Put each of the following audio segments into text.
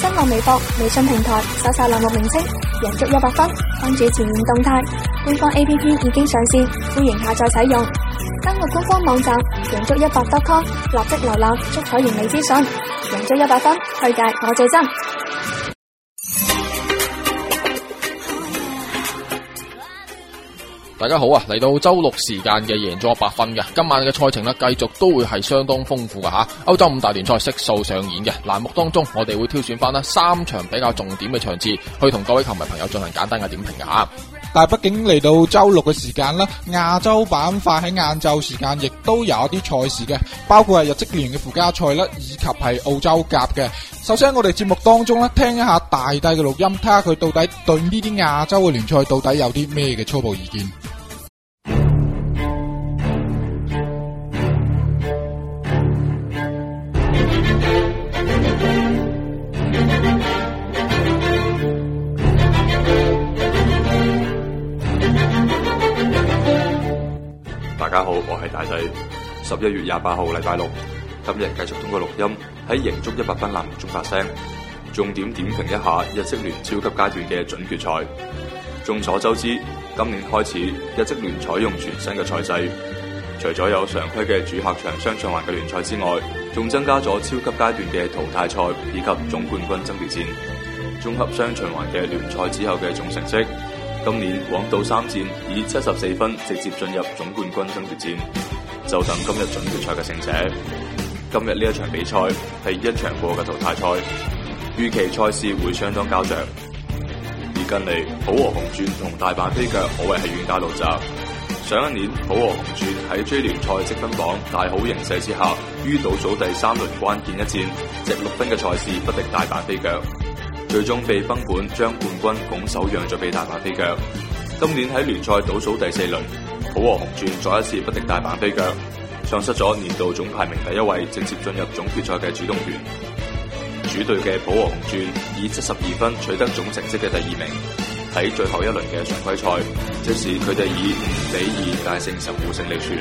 新浪微博、微信平台，搜索欄目名稱，贏足一百分；關注前沿動態，官方 A P P 已經上線，歡迎下載使用。登錄官方網站，贏足一百點 com，立即瀏覽足彩完美資訊，贏足一百分，推介我最真。大家好啊！嚟到周六時間嘅贏足 100FUN 嘅，今晚嘅賽程呢，繼續都會係相當豐富嘅吓。歐洲五大聯賽悉數上演嘅欄目當中，我哋會挑選翻呢三場比較重點嘅場次，去同各位球迷朋友進行簡單嘅點評嘅吓。但係畢竟嚟到周六嘅時間啦，亞洲板塊喺晏晝時間亦都有一啲賽事嘅，包括係日職聯嘅附加賽啦，以及係澳洲甲嘅。首先，我哋節目當中呢，聽一下大帝嘅錄音，睇下佢到底對呢啲亞洲嘅聯賽到底有啲咩嘅初步意見。我係大仔，十一月廿八號禮拜六，今日繼續通過錄音喺《贏足 100FUN 欄目》中發聲，重點點評一下日職聯超級階段嘅準決賽。眾所周知，今年開始日職聯採用全新嘅賽制，除咗有常規嘅主客場雙循環嘅聯賽之外，仲增加咗超級階段嘅淘汰賽以及總冠軍爭奪戰。綜合雙循環嘅聯賽之後嘅總成績。今年廣島三戰以七十四分直接進入總冠軍爭奪戰，就等今日準決賽嘅勝者。今日呢一場比賽係一場過嘅淘汰賽，預期賽事會相當膠着。而近嚟浦和紅鑽同大阪飛腳可謂係冤家路窄。上一年浦和紅鑽喺追聯賽積分榜大好形勢之下，於倒數第三輪關鍵一戰，值六分嘅賽事不敵大阪飛腳。最終被崩盤，將冠軍拱手讓咗俾大阪飛腳。今年喺聯賽倒數第四輪，普和紅鑽再一次不敵大阪飛腳，喪失咗年度總排名第一位，直接進入總決賽嘅主動權。主隊嘅普和紅鑽以七十二分取得總成績嘅第二名。喺最後一輪嘅常規賽，即使佢哋以五比二大勝神戶勝利船。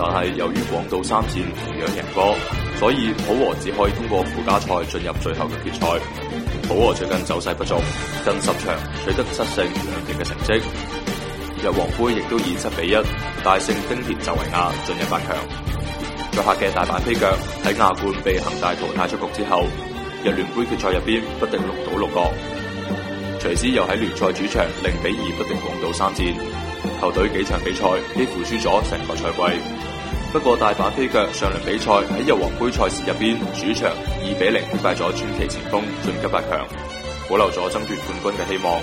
但係由於廣島三箭同樣贏波，所以普和只可以通過附加賽進入最後嘅決賽。保和最近走勢不足，近十場取得七勝兩平嘅成績。日皇杯亦都以七比一大勝町田就維亞，進入八強。在客嘅大阪飛腳喺亞冠被恒大淘汰出局之後，日聯杯決賽入邊不敵鹿島鹿角，隨之又喺聯賽主場零比二不敵廣島三箭，球隊幾場比賽幾乎輸咗成個賽季。不過大阪飛腳上輪比賽喺日皇杯賽事入邊主場二比零擊敗咗川崎前鋒晉級八強，保留咗爭奪冠軍嘅希望。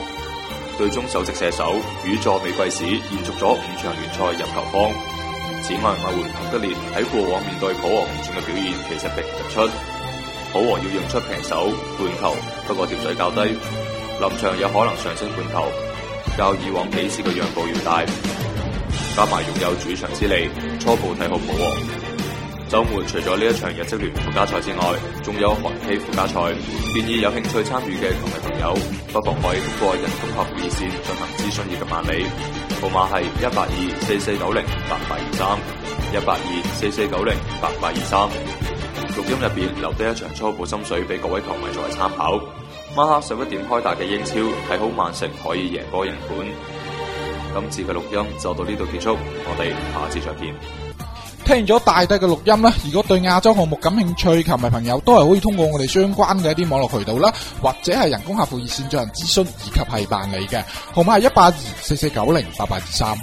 隊中首席射手宇佐美貴史延續咗五場聯賽入球荒。此外外援彭德烈喺過往面對浦和紅鑽嘅表現其實並唔突出，浦和要用出平手半球，不過調水較低，臨場有可能上升半球，較以往幾次嘅讓步要大。加埋擁有主場之利，初步睇好冇。週末除咗呢一場日職聯附加賽之外，仲有韓 K 附加賽，建議有興趣參與嘅球迷朋友，不妨可以通過人工客服熱線進行諮詢以及辦理，號碼係一八二四四九零八八二三一八二四四九零八八二三。錄音入邊留低一場初步心水俾各位球迷作為參考。晚黑十一點開打嘅英超，睇好曼城可以贏波贏盤。今次嘅錄音就到呢度結束，我哋下次再見。聽完咗大帝嘅錄音啦，如果對亞洲項目感興趣，球迷朋友都係可以通過我哋相關嘅一啲網絡渠道啦，或者係人工客服熱線進行諮詢以及係辦理嘅，號碼係一八二四四九零八八二三。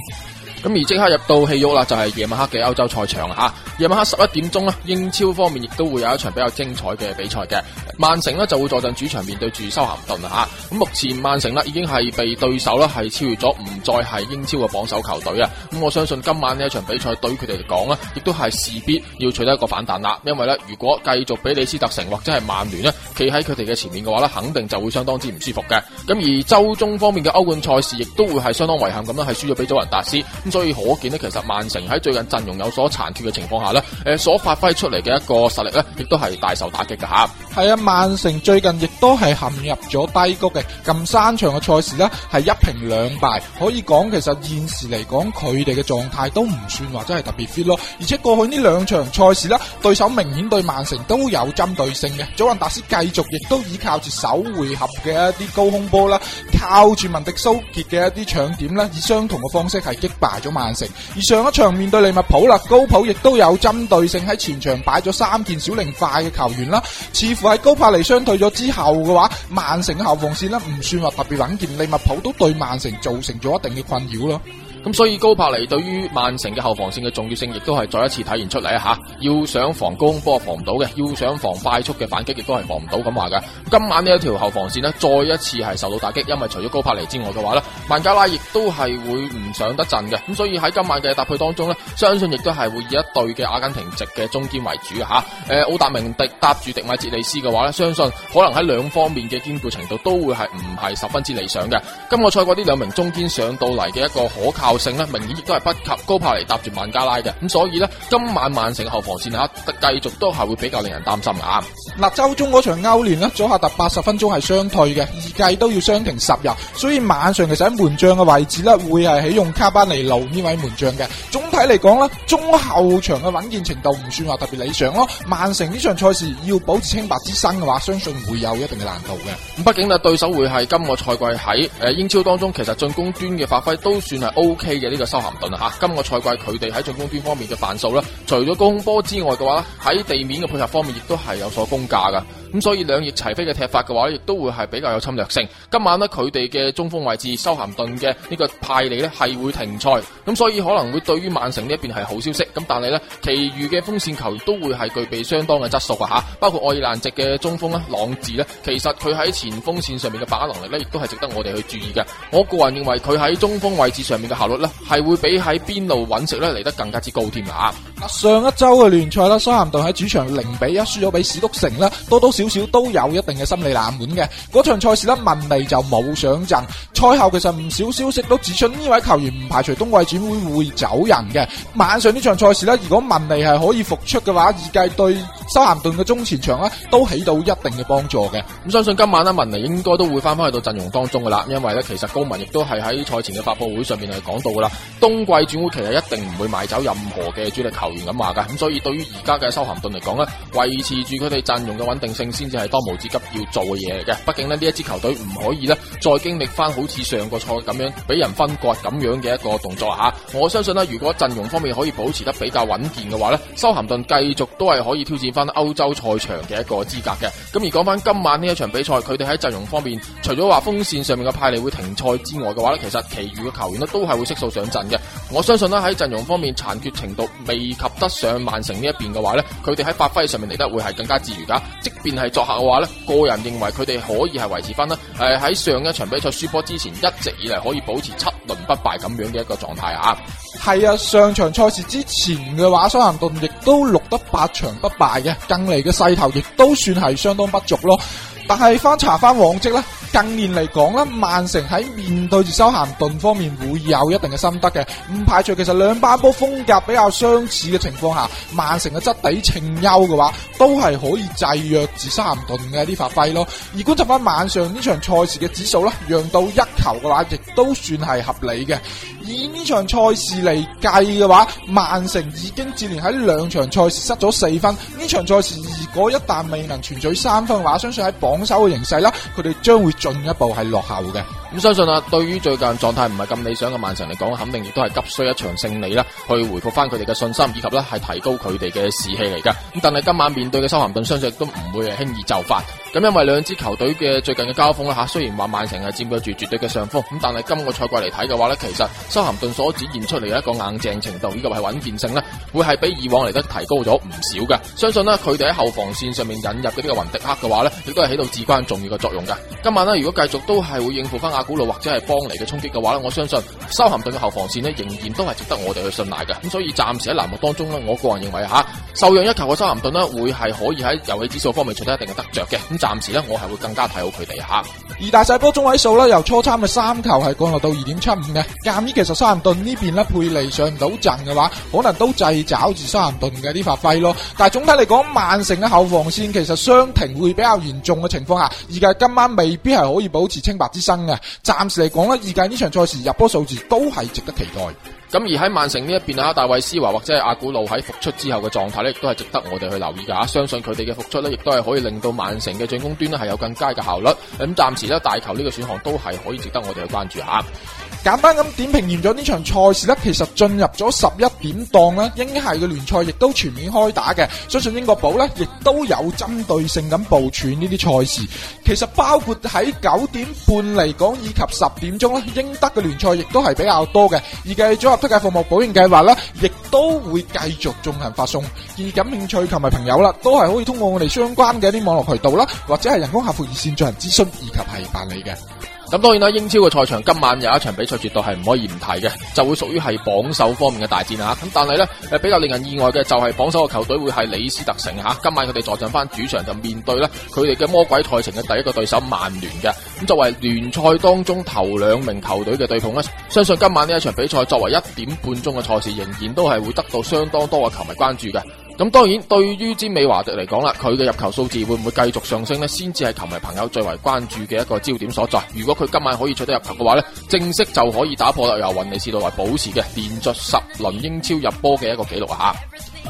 咁而即刻入到戲肉啦，就係、是、夜晚黑嘅歐洲賽場啊！夜晚黑十一點鐘咧，英超方面亦都會有一場比較精彩嘅比賽嘅。曼城呢，就會坐鎮主場面對住修咸頓啊！吓，咁目前曼城咧已經係被對手咧係超越咗，唔再係英超嘅榜首球隊啊！咁我相信今晚呢一場比賽對佢哋嚟講呢亦都係勢必要取得一個反彈啦。因為呢，如果繼續俾李斯特城或者係曼聯咧企喺佢哋嘅前面嘅話呢，肯定就會相當之唔舒服嘅。咁、啊、而周中方面嘅歐冠賽事亦都會係相當遺憾咁啦，係輸咗俾祖雲達斯。所以可見咧，其實曼城喺最近陣容有所殘缺嘅情況下咧，誒、呃、所發揮出嚟嘅一個實力咧，亦都係大受打擊嘅吓。係啊，曼城最近亦都係陷入咗低谷嘅。近三場嘅賽事咧，係一平兩敗，可以講其實現時嚟講佢哋嘅狀態都唔算話真係特別 fit 咯。而且過去呢兩場賽事咧，對手明顯對曼城都有針對性嘅。祖雲達斯繼續亦都依靠住首回合嘅一啲高空波啦，靠住文迪蘇傑嘅一啲搶點咧，以相同嘅方式係擊敗咗曼城，而上一場面對利物浦啦，高普亦都有針對性喺前場擺咗三件小靈快嘅球員啦，似乎喺高帕尼傷退咗之後嘅話，曼城嘅後防線呢唔算話特別穩健，利物浦都對曼城造成咗一定嘅困擾咯。咁所以高柏尼對於曼城嘅後防線嘅重要性，亦都係再一次體現出嚟一吓，要想防高波，防唔到嘅；要想防快速嘅反擊，亦都係防唔到咁話嘅。今晚呢一條後防線呢，再一次係受到打擊，因為除咗高柏尼之外嘅話呢，曼加拉亦都係會唔上得陣嘅。咁所以喺今晚嘅搭配當中呢，相信亦都係會以一隊嘅阿根廷籍嘅中堅為主啊！吓，誒，奧達明迪搭住迪米捷利斯嘅話呢，相信可能喺兩方面嘅兼顧程度都會係唔係十分之理想嘅。今個賽季呢兩名中堅上到嚟嘅一個可靠。明顯亦都係不及高帕尼搭住曼加拉嘅，咁所以呢，今晚曼城後防線吓，繼續都係會比較令人擔心噶。嗱，周中嗰場歐聯呢，早下達八十分鐘係傷退嘅，預計都要傷停十日，所以晚上其實喺門將嘅位置呢，會係啟用卡巴尼路呢位門將嘅。總體嚟講呢，中後場嘅穩健程度唔算話特別理想咯。曼城呢場賽事要保持清白之身嘅話，相信會有一定嘅難度嘅。咁畢竟呢，對手會係今個賽季喺誒、呃、英超當中，其實進攻端嘅發揮都算係 OK。嘅呢個修咸頓啊，吓今個賽季佢哋喺進攻端方面嘅範數咧，除咗高空波之外嘅話咧，喺地面嘅配合方面亦都係有所攻價噶。咁所以兩翼齊飛嘅踢法嘅話咧，亦都會係比較有侵略性。今晚呢，佢哋嘅中鋒位置，修咸頓嘅呢個派利呢係會停賽。咁所以可能會對於曼城呢一邊係好消息。咁但係呢，其餘嘅鋒線球都會係具備相當嘅質素嘅、啊、包括愛爾蘭籍嘅中鋒咧，朗治呢，其實佢喺前鋒線上面嘅把握能力呢，亦都係值得我哋去注意嘅。我個人認為佢喺中鋒位置上面嘅效率呢，係會比喺邊路揾食呢嚟得更加之高添啦。啊、上一週嘅聯賽啦，修咸頓喺主場零比一輸咗俾史篤城啦，多多少少都有一定嘅心理冷門嘅，嗰場賽事咧，文利就冇上陣。賽後其實唔少消息都指出呢位球員唔排除冬季轉會會走人嘅。晚上呢場賽事咧，如果文利係可以復出嘅話，預計對。修咸頓嘅中前場咧，都起到一定嘅幫助嘅。咁相信今晚咧，文尼應該都會翻翻去到陣容當中噶啦。因為咧，其實高文亦都係喺賽前嘅發布會上面係講到噶啦，冬季轉會期係一定唔會賣走任何嘅主力球員咁話噶。咁所以對於而家嘅修咸頓嚟講咧，維持住佢哋陣容嘅穩定性，先至係當務之急要做嘅嘢嘅。畢竟咧，呢一支球隊唔可以咧再經歷翻好似上個賽咁樣俾人分割咁樣嘅一個動作吓，啊。我相信咧，如果陣容方面可以保持得比較穩健嘅話咧，修咸頓繼續都係可以挑戰翻。歐洲賽場嘅一個資格嘅，咁而講翻今晚呢一場比賽，佢哋喺陣容方面，除咗話鋒線上面嘅派利會停賽之外嘅話呢，其實其餘嘅球員呢都係會悉數上陣嘅。我相信呢喺陣容方面殘缺程度未及得上曼城呢一邊嘅話呢，佢哋喺發揮上面嚟得會係更加自如噶。即便係作客嘅話呢，個人認為佢哋可以係維持翻呢誒喺上一場比賽輸波之前，一直以嚟可以保持七輪不敗咁樣嘅一個狀態啊。係啊，上場賽事之前嘅話，修咸頓亦都錄得八場不敗嘅，近嚟嘅勢頭亦都算係相當不俗咯。但係翻查翻往績咧，近年嚟講咧，曼城喺面對住修咸頓方面會有一定嘅心得嘅，唔排除其實兩班波風格比較相似嘅情況下，曼城嘅質地稱優嘅話，都係可以制約住修咸頓嘅啲發揮咯。而觀察翻晚上呢場賽事嘅指數咧，讓到一球嘅話，亦都算係合理嘅。以呢場賽事嚟計嘅話，曼城已經接連喺兩場賽事失咗四分，呢場賽事如果一旦未能全取三分嘅話，相信喺榜手嘅形勢啦，佢哋將會進一步係落後嘅。咁相信啊，對於最近狀態唔係咁理想嘅曼城嚟講，肯定亦都係急需一場勝利啦，去回復翻佢哋嘅信心，以及咧係提高佢哋嘅士氣嚟噶咁但係今晚面對嘅修咸頓，相信都唔會係輕易就範。咁因為兩支球隊嘅最近嘅交鋒啦吓，雖然話曼城係佔據住絕對嘅上風，咁但係今個賽季嚟睇嘅話咧，其實修咸頓所展現出嚟嘅一個硬淨程度，以及係穩健性咧，會係比以往嚟得提高咗唔少嘅。相信咧、啊，佢哋喺後防線上面引入嘅呢個雲迪克嘅話咧，亦都係起到至關重要嘅作用噶今晚咧，如果繼續都係會應付翻阿股路或者係幫嚟嘅衝擊嘅話咧，我相信修咸頓嘅後防線咧仍然都係值得我哋去信賴嘅。咁所以暫時喺欄幕當中咧，我個人認為吓，受讓一球嘅修咸頓咧，會係可以喺遊戲指數方面取得一定嘅得着嘅。咁暫時呢，我係會更加睇好佢哋吓。而大細波中位數咧，由初參嘅三球係降落到二點七五嘅。鑒於其實修咸頓呢邊咧，佩利上唔到陣嘅話，可能都制找住修咸頓嘅啲發揮咯。但係總體嚟講，曼城嘅後防線其實傷停會比較嚴重嘅情況下，而家今晚未必係可以保持清白之身嘅。暫時嚟講呢，二界呢場賽事入波數字都係值得期待。咁而喺曼城呢一邊啊，大衛斯華或者係阿古路喺復出之後嘅狀態呢，亦都係值得我哋去留意噶。相信佢哋嘅復出呢，亦都係可以令到曼城嘅進攻端咧，係有更佳嘅效率。咁暫時呢，大球呢個選項都係可以值得我哋去關注下。簡單咁點評完咗呢場賽事咧，其實進入咗十一點檔咧，英係嘅聯賽亦都全面開打嘅。相信英國寶咧，亦都有針對性咁部署呢啲賽事。其實包括喺九點半嚟講，以及十點鐘咧，英德嘅聯賽亦都係比較多嘅。而嘅組合推介服務保險計劃咧，亦都會繼續進行發送。而感興趣球迷朋友啦，都係可以通過我哋相關嘅一啲網絡渠道啦，或者係人工客服熱線進行諮詢以及係辦理嘅。咁當然啦，英超嘅賽場今晚有一場比賽絕對係唔可以唔提嘅，就會屬於係榜首方面嘅大戰啊！咁但係呢，誒比較令人意外嘅就係榜首嘅球隊會係李斯特城吓，今晚佢哋坐鎮翻主場就面對呢佢哋嘅魔鬼賽程嘅第一個對手曼聯嘅。咁作為聯賽當中頭兩名球隊嘅對碰呢，相信今晚呢一場比賽作為一點半鐘嘅賽事，仍然都係會得到相當多嘅球迷關注嘅。咁當然，對於詹美華迪嚟講啦，佢嘅入球數字會唔會繼續上升呢？先至係球迷朋友最為關注嘅一個焦點所在。如果佢今晚可以取得入球嘅話呢，正式就可以打破由雲尼士道來保持嘅連續十輪英超入波嘅一個紀錄啊！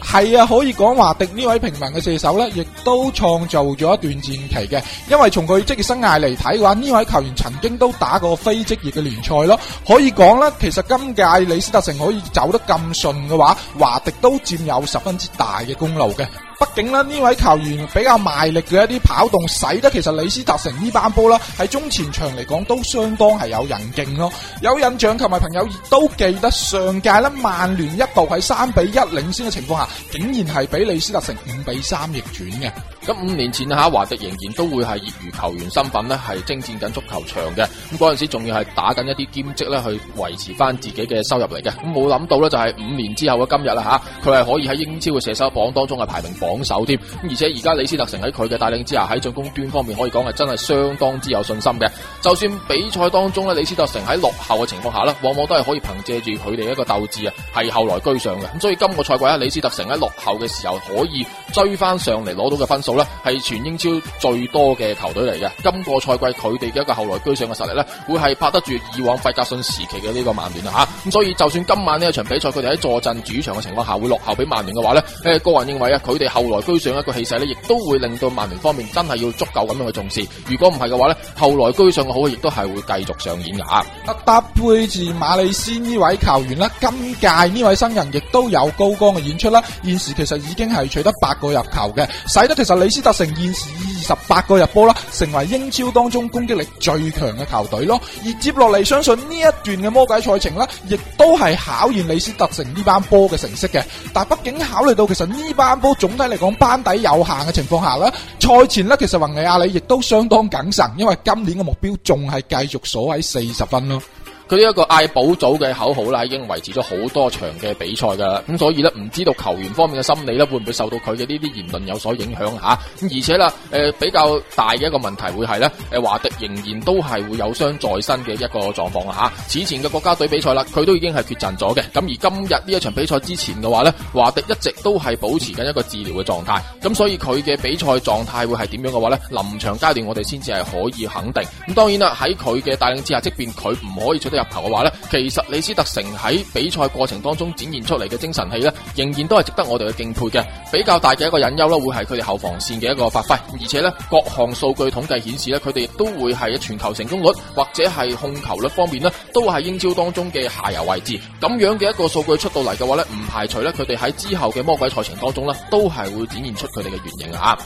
係啊，可以講華迪呢位平民嘅射手呢，亦都創造咗一段傳奇嘅。因為從佢職業生涯嚟睇嘅話，呢位球員曾經都打過非職業嘅聯賽咯。可以講呢，其實今屆李斯特城可以走得咁順嘅話，華迪都佔有十分之大嘅功勞嘅。畢竟呢，呢位球員比較賣力嘅一啲跑動，使得其實李斯特城呢班波啦喺中前場嚟講都相當係有人勁咯。有印象球迷朋友亦都記得上屆啦，曼聯一度喺三比一領先嘅情況下，竟然係俾李斯特城五比三逆轉嘅。咁五年前吓，華迪仍然都會係業餘球員身份咧，係征戰緊足球場嘅。咁嗰陣時仲要係打緊一啲兼職咧，去維持翻自己嘅收入嚟嘅。咁冇諗到咧，就係五年之後嘅今日啦吓，佢啊係可以喺英超嘅射手榜當中係排名榜首添。咁而且而家李斯特城喺佢嘅帶領之下，喺進攻端方面可以講係真係相當之有信心嘅。就算比賽當中咧，李斯特城喺落後嘅情況下呢，往往都係可以憑借住佢哋一個鬥志啊，係後來居上嘅。咁所以今個賽季啊，李斯特城喺落後嘅時候可以追翻上嚟攞到嘅分數。好係全英超最多嘅球隊嚟嘅。今個賽季佢哋嘅一個後來居上嘅實力咧，會係拍得住以往費格遜時期嘅呢個曼聯啊吓。咁所以就算今晚呢一場比賽佢哋喺坐鎮主場嘅情況下，會落後俾曼聯嘅話咧，誒、呃，個人認為啊，佢哋後來居上嘅一個氣勢呢，亦都會令到曼聯方面真係要足夠咁樣去重視。如果唔係嘅話咧，後來居上嘅好，亦都係會繼續上演噶。啊，搭配住馬里斯呢位球員啦，今屆呢位新人亦都有高光嘅演出啦。現時其實已經係取得八個入球嘅，使得其實。李斯特城現時二十八個入波啦，成為英超當中攻擊力最強嘅球隊咯。而接落嚟，相信呢一段嘅魔鬼賽程呢，亦都係考驗李斯特城呢班波嘅成績嘅。但畢竟考慮到其實呢班波總體嚟講班底有限嘅情況下呢，賽前其實雲尼亞里亦都相當謹慎，因為今年嘅目標仲係繼續鎖喺四十分咯。對於一個嗌補組嘅口號啦，已經維持咗好多場嘅比賽噶啦，咁所以呢，唔知道球員方面嘅心理咧會唔會受到佢嘅呢啲言論有所影響吓，咁、啊、而且啦，誒、呃、比較大嘅一個問題會係呢，誒、呃、華迪仍然都係會有傷在身嘅一個狀況吓、啊，此前嘅國家隊比賽啦，佢都已經係缺陣咗嘅，咁而今日呢一場比賽之前嘅話呢，華迪一直都係保持緊一個治療嘅狀態，咁所以佢嘅比賽狀態會係點樣嘅話呢？臨場階段我哋先至係可以肯定，咁當然啦喺佢嘅帶領之下，即便佢唔可以取得。球嘅話咧，其實李斯特城喺比賽過程當中展現出嚟嘅精神氣呢，仍然都係值得我哋去敬佩嘅。比較大嘅一個隱憂啦，會係佢哋後防線嘅一個發揮，而且呢，各項數據統計顯示呢，佢哋都會係傳球成功率或者係控球率方面呢，都係英超當中嘅下游位置。咁樣嘅一個數據出到嚟嘅話呢，唔排除呢，佢哋喺之後嘅魔鬼賽程當中呢，都係會展現出佢哋嘅原型啊。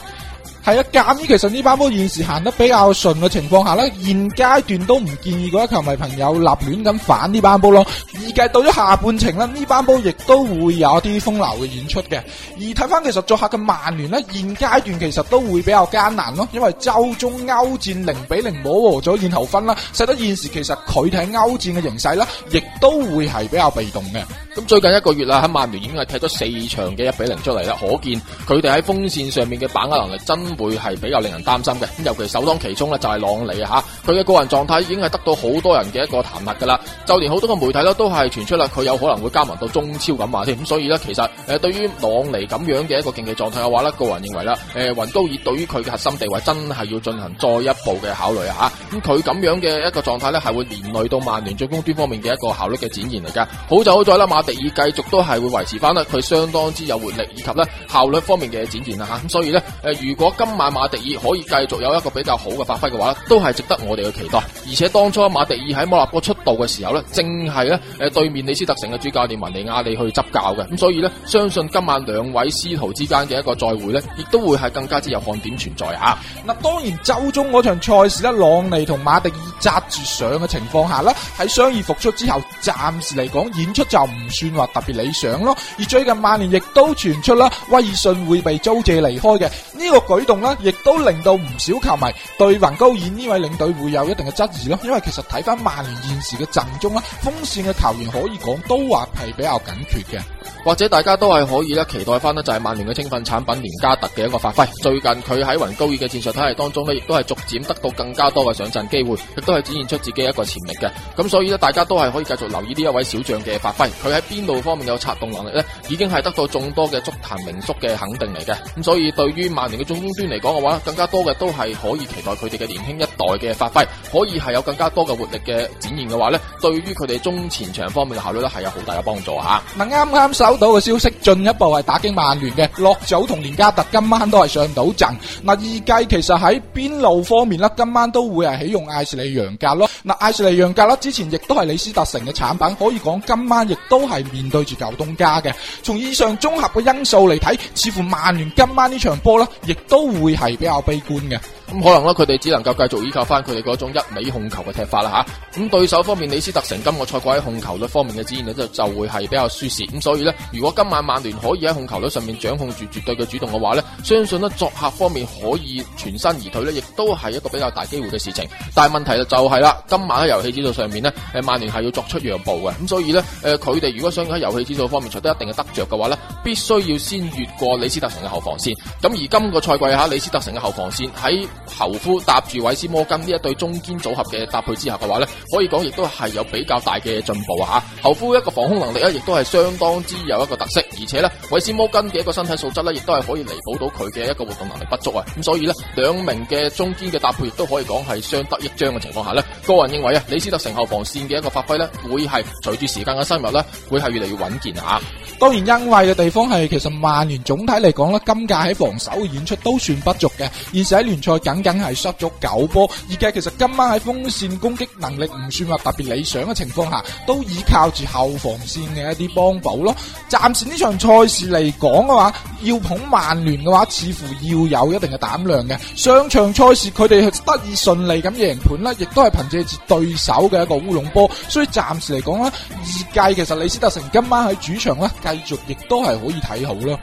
係啊，鑑於其實呢班波現時行得比較順嘅情況下咧，現階段都唔建議嗰一球迷朋友立亂咁反呢班波咯。預計到咗下半程咧，呢班波亦都會有啲風流嘅演出嘅。而睇翻其實作客嘅曼聯呢，現階段其實都會比較艱難咯，因為週中歐戰零比零冇和咗然後分啦，使得現時其實佢睇歐戰嘅形勢咧，亦都會係比較被動嘅。咁最近一個月啦，喺曼聯已經係踢咗四場嘅一比零出嚟啦，可見佢哋喺鋒線上面嘅把握能力真。會係比較令人擔心嘅，咁尤其首當其衝咧就係、是、朗尼啊，佢嘅個人狀態已經係得到好多人嘅一個彈劾噶啦，就連好多嘅媒體咧都係傳出啦，佢有可能會加盟到中超咁話添，咁所以咧，其實誒，對於朗尼咁樣嘅一個競技狀態嘅話咧，個人認為啦，誒，雲高爾對於佢嘅核心地位真係要進行再一步嘅考慮啊，吓，咁佢咁樣嘅一個狀態咧係會連累到曼聯進攻端方面嘅一個效率嘅展現嚟噶，好就好在啦，馬迪爾繼續都係會維持翻啦，佢相當之有活力以及咧效率方面嘅展現啦，吓，咁所以咧誒，如果今今晚馬迪爾可以繼續有一個比較好嘅發揮嘅話，都係值得我哋去期待。而且當初馬迪爾喺摩納哥出道嘅時候呢正係咧誒對面李斯特城嘅主教練文尼亞利去執教嘅。咁所以呢，相信今晚兩位師徒之間嘅一個再會呢，亦都會係更加之有看點存在吓。嗱，當然周中嗰場賽事呢，朗尼同馬迪爾扎住上嘅情況下呢，喺傷愈複出之後，暫時嚟講演出就唔算話特別理想咯。而最近曼聯亦都傳出啦，威爾遜會被租借離開嘅呢、這個舉。動啦，亦都令到唔少球迷對雲高爾呢位領隊會有一定嘅質疑咯，因為其實睇翻曼聯現時嘅陣中啦，鋒線嘅球員可以講都話係比較緊缺嘅。或者大家都係可以咧期待翻咧，就係曼聯嘅青訓產品連加特嘅一個發揮。最近佢喺雲高爾嘅戰術體系當中咧，亦都係逐漸得到更加多嘅上陣機會，亦都係展現出自己一個潛力嘅。咁所以咧，大家都係可以繼續留意呢一位小將嘅發揮。佢喺邊度方面有策動能力呢？已經係得到眾多嘅足壇名宿嘅肯定嚟嘅。咁所以對於曼聯嘅中鋒端嚟講嘅話，更加多嘅都係可以期待佢哋嘅年輕一代嘅發揮，可以係有更加多嘅活力嘅展現嘅話呢，對於佢哋中前場方面嘅效率咧，係有好大嘅幫助吓。嗱啱啱。收到嘅消息，進一步係打擊曼聯嘅。落祖同連加特今晚都係上到陣。嗱，意計其實喺邊路方面啦，今晚都會係起用艾士利楊格咯。嗱，艾士利楊格啦，之前亦都係李斯特城嘅產品，可以講今晚亦都係面對住舊東家嘅。從以上綜合嘅因素嚟睇，似乎曼聯今晚呢場波呢，亦都會係比較悲觀嘅。咁、嗯、可能呢，佢哋只能夠繼續依靠翻，佢哋嗰種一味控球嘅踢法啦吓。咁、啊嗯、對手方面，李斯特城今個賽季控球率方面嘅表現呢，就就會係比較輸蝕。咁、嗯、所以。如果今晚曼聯可以喺控球率上面掌控住絕對嘅主動嘅話呢，相信呢，作客方面可以全身而退呢，亦都係一個比較大機會嘅事情。但係問題就係啦，今晚喺遊戲指數上面呢，誒曼聯係要作出讓步嘅，咁所以呢，誒佢哋如果想喺遊戲指數方面取得一定嘅得着嘅話呢，必須要先越過李斯特城嘅後防線。咁而今個賽季吓，李斯特城嘅後防線喺侯夫搭住韋斯摩根呢一對中堅組合嘅搭配之下嘅話呢，可以講亦都係有比較大嘅進步吓，侯夫一個防空能力呢亦都係相當之。有一個特色，而且呢，韋斯摩根嘅一個身體素質呢，亦都係可以彌補到佢嘅一個活動能力不足啊！咁所以呢，兩名嘅中堅嘅搭配亦都可以講係相得益彰嘅情況下呢。個人認為啊，李斯特城後防線嘅一個發揮呢，會係隨住時間嘅深入呢，會係越嚟越穩健啊！當然，欣慰嘅地方係，其實曼聯總體嚟講呢，今屆喺防守演出都算不俗嘅，而且喺聯賽僅僅係失咗九波，而家其實今晚喺鋒線攻擊能力唔算話特別理想嘅情況下，都依靠住後防線嘅一啲幫補咯。暫時呢場賽事嚟講嘅話，要捧曼聯嘅話，似乎要有一定嘅膽量嘅。上場賽事佢哋得以順利咁贏盤啦，亦都係憑借住對手嘅一個烏龍波。所以暫時嚟講咧，預計其實李斯特城今晚喺主場咧，繼續亦都係可以睇好啦。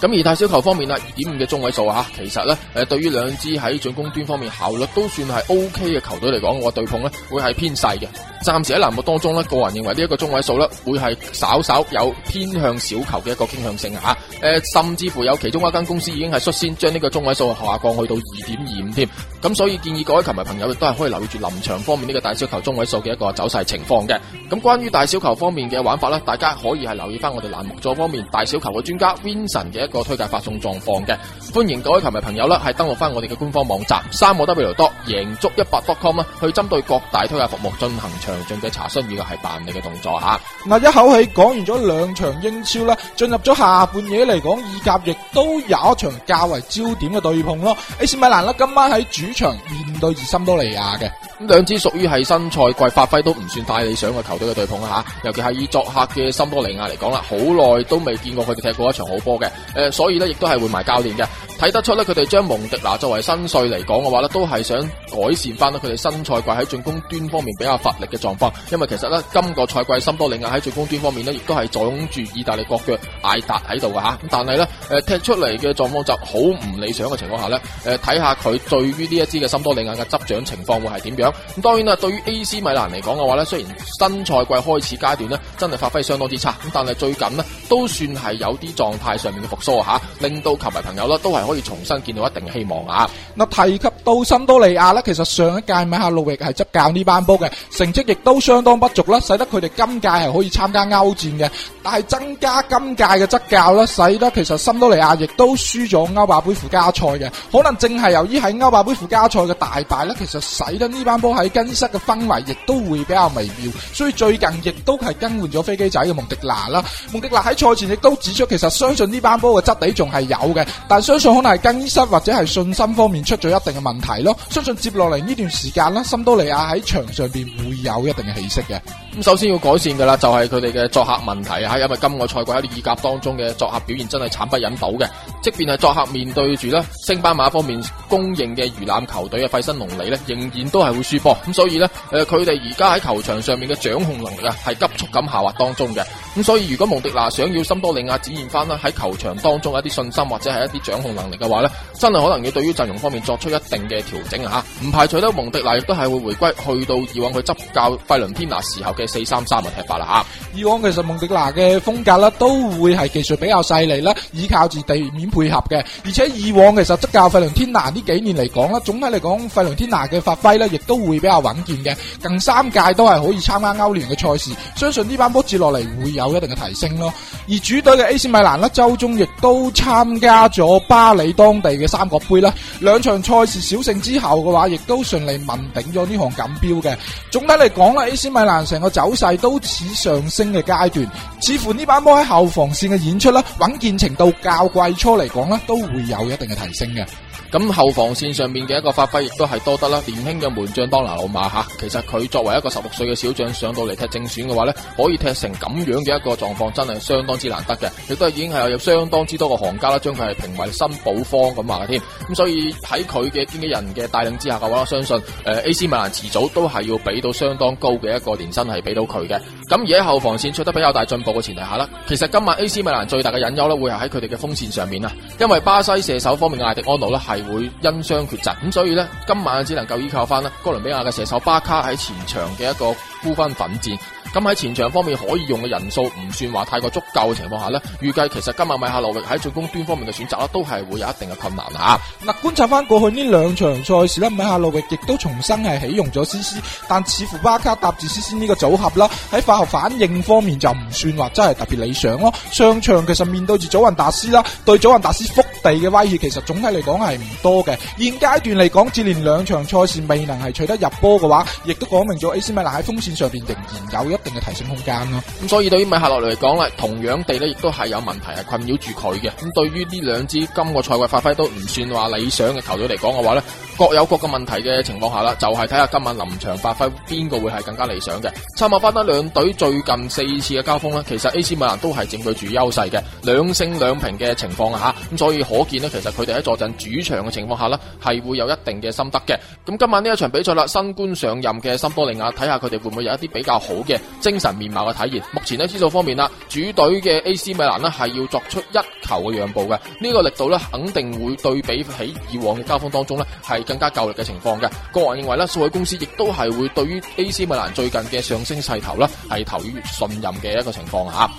咁而大小球方面啦，二點五嘅中位數吓，其實咧，誒，對於兩支喺進攻端方面效率都算係 OK 嘅球隊嚟講，我對碰咧會係偏細嘅。暫時喺欄目當中呢個人認為呢一個中位數會會係稍稍有偏向小球嘅一個傾向性吓，誒、呃，甚至乎有其中一間公司已經係率先將呢個中位數下降去到二點二五添，咁所以建議各位球迷朋友亦都係可以留意住臨場方面呢個大小球中位數嘅一個走勢情況嘅。咁關於大小球方面嘅玩法呢，大家可以係留意翻我哋欄目座方面大小球嘅專家 Winson 嘅一個推介發送狀況嘅，歡迎各位球迷朋友呢係登錄翻我哋嘅官方網站三 W 多贏足一百 dot com 去針對各大推介服務進行進嘅查詢，以個係辦理嘅動作吓。嗱、啊，一口氣講完咗兩場英超啦，進入咗下半夜嚟講，意甲亦都有一場較為焦點嘅對碰咯。AC、欸、米蘭啦，今晚喺主場面對住森波利亞嘅，咁兩支屬於係新賽季發揮都唔算太理想嘅球隊嘅對碰啊吓。尤其係以作客嘅森波利亞嚟講啦，好耐都未見過佢哋踢過一場好波嘅。誒、呃，所以咧亦都係換埋教練嘅。睇得出咧，佢哋將蒙迪拿作為新帥嚟講嘅話咧，都係想改善翻咧佢哋新賽季喺進攻端方面比較乏力嘅狀況。因為其實咧，今個賽季森多利亞喺進攻端方面咧，亦都係撞住意大利國腳艾達喺度噶吓。咁但係咧，誒踢出嚟嘅狀況就好唔理想嘅情況下咧，誒睇下佢對於呢一支嘅森多利亞嘅執掌情況會係點樣。咁當然啦，對於 A.C. 米蘭嚟講嘅話咧，雖然新賽季開始階段咧真係發揮相當之差，咁但係最近呢都算係有啲狀態上面嘅復蘇吓，令到球迷朋友啦都係可。可以重新見到一定嘅希望啊！嗱，提及到森多利亞呢，其實上一屆米哈路域係執教呢班波嘅成績，亦都相當不俗啦，使得佢哋今屆係可以參加歐戰嘅。但係增加今屆嘅執教啦，使得其實森多利亞亦都輸咗歐霸杯附加賽嘅。可能正係由於喺歐霸杯附加賽嘅大敗呢，其實使得呢班波喺更衣室嘅氛圍亦都會比較微妙。所以最近亦都係更換咗飛機仔嘅蒙迪拿啦。蒙迪拿喺賽前亦都指出，其實相信呢班波嘅質地仲係有嘅，但相信。可能係更衣室或者係信心方面出咗一定嘅問題咯，相信接落嚟呢段時間啦，森多利亞喺場上邊會有一定嘅起色嘅。咁首先要改善噶啦，就係佢哋嘅作客問題吓，因為今個賽季喺啲意甲當中嘅作客表現真係慘不忍睹嘅。即便係作客面對住咧升班馬方面公認嘅魚腩球隊嘅費辛隆尼呢，仍然都係會輸波。咁所以呢，誒佢哋而家喺球場上面嘅掌控能力啊，係急速咁下滑當中嘅。咁所以如果蒙迪拿想要森多利亞展現翻啦喺球場當中嘅一啲信心或者係一啲掌控能，能力嘅話咧，真係可能要對於陣容方面作出一定嘅調整啊！吓，唔排除得，蒙迪拿亦都係會回歸，去到以往佢執教費倫天拿時候嘅四三三嘅踢法啦！吓，以往其實蒙迪拿嘅風格咧，都會係技術比較細膩啦，依靠住地面配合嘅，而且以往其實執教費倫天拿呢幾年嚟講啦，總體嚟講費倫天拿嘅發揮咧，亦都會比較穩健嘅，近三屆都係可以參加歐聯嘅賽事，相信呢班波接落嚟會有一定嘅提升咯。而主隊嘅 AC 米蘭啦，周中亦都參加咗巴。你當地嘅三角杯啦，兩場賽事小勝之後嘅話，亦都順利問鼎咗呢項錦標嘅。總體嚟講啦，AC 米蘭成個走勢都似上升嘅階段，似乎呢把波喺後防線嘅演出啦，穩健程度較季初嚟講呢，都會有一定嘅提升嘅。咁後防線上面嘅一個發揮亦都係多得啦。年輕嘅門將當拿魯馬吓，ma, 其實佢作為一個十六歲嘅小將上到嚟踢正選嘅話呢，可以踢成咁樣嘅一個狀況，真係相當之難得嘅。亦都已經係有相當之多個行家啦，將佢係評為新。補方咁話嘅添。咁所以喺佢嘅經紀人嘅帶領之下嘅話，我相信誒 AC 米蘭遲早都係要俾到相當高嘅一個年薪，係俾到佢嘅。咁而喺後防線取得比較大進步嘅前提下呢，其實今晚 AC 米蘭最大嘅隱憂咧，會係喺佢哋嘅鋒線上面啦，因為巴西射手方面嘅艾迪安奴咧係會因傷缺陣，咁所以呢，今晚只能夠依靠翻啦哥倫比亞嘅射手巴卡喺前場嘅一個孤軍奮戰。咁喺前場方面可以用嘅人數唔算話太過足夠嘅情況下呢，預計其實今日米夏洛域喺進攻端方面嘅選擇都係會有一定嘅困難吓、啊。嗱，觀察翻過去呢兩場賽事呢，米夏洛域亦都重新係啟用咗 C C，但似乎巴卡搭住 C C 呢個組合啦，喺化學反應方面就唔算話真係特別理想咯。上場其實面對住祖雲達斯啦，對祖雲達斯覆地嘅威脅其實總體嚟講係唔多嘅，現階段嚟講，接連兩場賽事未能係取得入波嘅話，亦都講明咗 AC 米蘭喺鋒線上邊仍然有一定嘅提升空間咯。咁所以對於米夏洛嚟講咧，同樣地咧亦都係有問題係困擾住佢嘅。咁對於呢兩支今個賽季發揮都唔算話理想嘅球隊嚟講嘅話呢，各有各嘅問題嘅情況下啦，就係睇下今晚臨場發揮邊個會係更加理想嘅。參考翻翻兩隊最近四次嘅交鋒呢，其實 AC 米蘭都係佔據住優勢嘅，兩勝兩平嘅情況下，咁所以。可見呢，其實佢哋喺坐鎮主場嘅情況下呢係會有一定嘅心得嘅。咁今晚呢一場比賽啦，新官上任嘅森波利亞，睇下佢哋會唔會有一啲比較好嘅精神面貌嘅體現。目前呢，指數方面啦，主隊嘅 AC 米蘭呢係要作出一球嘅讓步嘅，呢個力度呢，肯定會對比起以往嘅交鋒當中呢係更加夠力嘅情況嘅。個人認為呢數位公司亦都係會對於 AC 米蘭最近嘅上升勢頭呢係投於信任嘅一個情況下。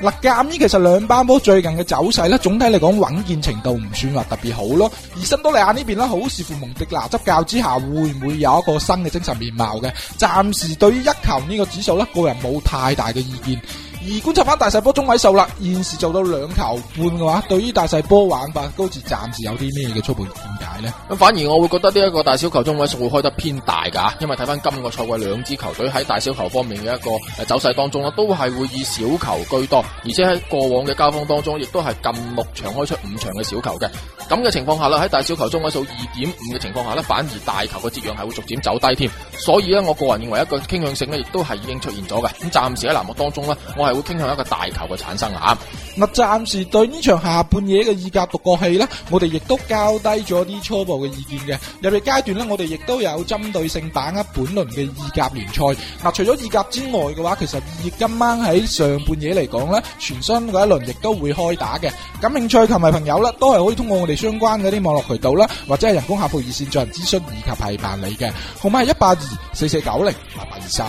嗱嘅呢，其實兩班波最近嘅走勢咧，總體嚟講穩健程度唔算話特別好咯。而新多利亞呢邊咧，好視乎蒙迪拿執教之下會唔會有一個新嘅精神面貌嘅。暫時對於一球呢個指數咧，個人冇太大嘅意見。而觀察翻大細波中位數啦，現時做到兩球半嘅話，對於大細波玩法高似暫時有啲咩嘅操盤點解呢？咁反而我會覺得呢一個大小球中位數會，會開得偏大噶，因為睇翻今個賽季兩支球隊喺大小球方面嘅一個走勢當中啦，都係會以小球居多，而且喺過往嘅交鋒當中，亦都係近六場開出五場嘅小球嘅。咁嘅情況下啦，喺大小球中位數二點五嘅情況下呢，反而大球嘅折讓係會逐漸走低添，所以呢，我個人認為一個傾向性呢，亦都係已經出現咗嘅。咁暫時喺藍幕當中呢，我係會傾向一個大球嘅產生嚇。嗱，暫時對呢場下半夜嘅意甲獨角戲呢，我哋亦都交低咗啲初步嘅意見嘅。入夜階段呢，我哋亦都有針對性把握本輪嘅意甲聯賽。嗱，除咗意甲之外嘅話，其實亦今晚喺上半夜嚟講呢，全新嗰一輪亦都會開打嘅。感興趣球迷朋友呢，都係可以通過我哋，相關嗰啲網絡渠道啦，或者係人工客服熱線進行諮詢以及係辦理嘅，號碼係一八二四四九零八八二三。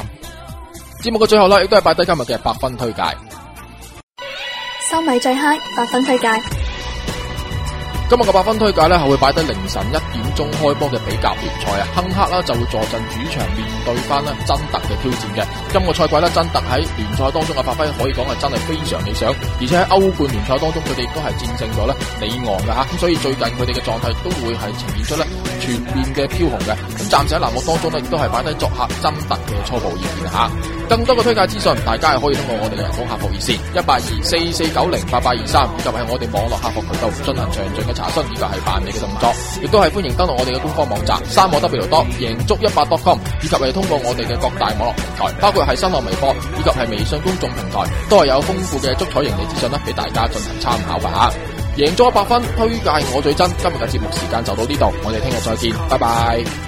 節目嘅最後啦，亦都係擺低今日嘅百分推介，收米最嗨，百分推介。今日嘅百分推介咧，係會擺低凌晨一點鐘開波嘅比甲聯賽啊，亨克啦就會坐鎮主場面對翻咧真特嘅挑戰嘅。今個賽季咧，真特喺聯賽當中嘅發揮可以講係真係非常理想，而且喺歐冠聯賽當中佢哋亦都係戰勝咗咧里昂噶吓，咁所以最近佢哋嘅狀態都會係呈現出咧全面嘅飄紅嘅。咁暫時喺欄目當中咧，亦都係擺低作客真特嘅初步意見啊。更多嘅推介資訊，大家係可以通過我哋嘅人工客服熱線一八二四四九零八八二三，4, 4 90, 23, 以及係我哋網絡客服渠道進行詳盡嘅查詢，以及係辦理嘅動作，亦都係歡迎登錄我哋嘅官方網站三個 w dot 贏足一百 dot com，以及係通過我哋嘅各大網絡平台，包括係新浪微博以及係微信公眾平台，都係有豐富嘅足彩盈利資訊呢俾大家進行參考嘅吓。贏咗一百分，推介我最真。今日嘅節目時間就到呢度，我哋聽日再見，拜拜。